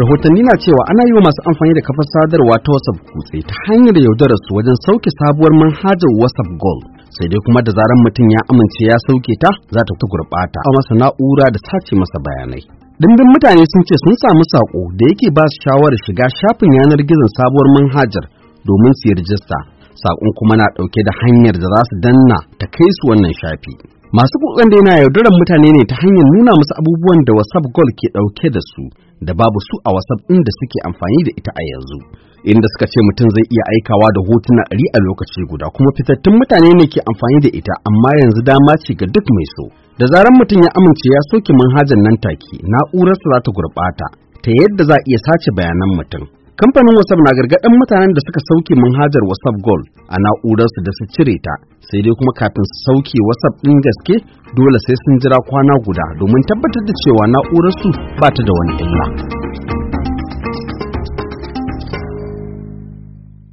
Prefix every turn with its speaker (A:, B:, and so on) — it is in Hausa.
A: rahotanni na cewa ana yi wa masu amfani da kafar sadarwa ta WhatsApp kutse ta hanyar yaudarar su wajen sauke sabuwar manhajar WhatsApp Gold. Sai dai kuma da zaran mutum ya amince ya sauke ta za ta gurɓata a masa na'ura da sace masa bayanai. Dindin mutane sun ce sun samu sako da yake ba su shawarar shiga shafin yanar gizon sabuwar manhajar domin su yi rijista. Saƙon kuma na ɗauke da hanyar da za su danna ta kai su wannan shafi. Masu kutsen da yana yaudarar mutane ne ta hanyar nuna musu abubuwan da WhatsApp Gold ke dauke da su da babu su a WhatsApp ɗin da suke amfani da ita a yanzu. Inda suka ce mutum zai iya aikawa da hotuna ɗari a lokaci guda kuma fitattun mutane ne ke amfani da ita amma yanzu dama ce ga duk mai so. Da zarar mutum ya amince ya soke manhajar nan take na'urarsa za ta gurɓata ta yadda za a iya sace bayanan mutum. kamfanin wasap na gargaɗin mutanen da suka sauke manhajar wasap gold a na'urarsu da su cire ta sai dai kuma kafin su sauke wasap ɗin gaske dole sai sun jira kwana guda domin tabbatar da cewa na'urarsu ba ta da wani illa.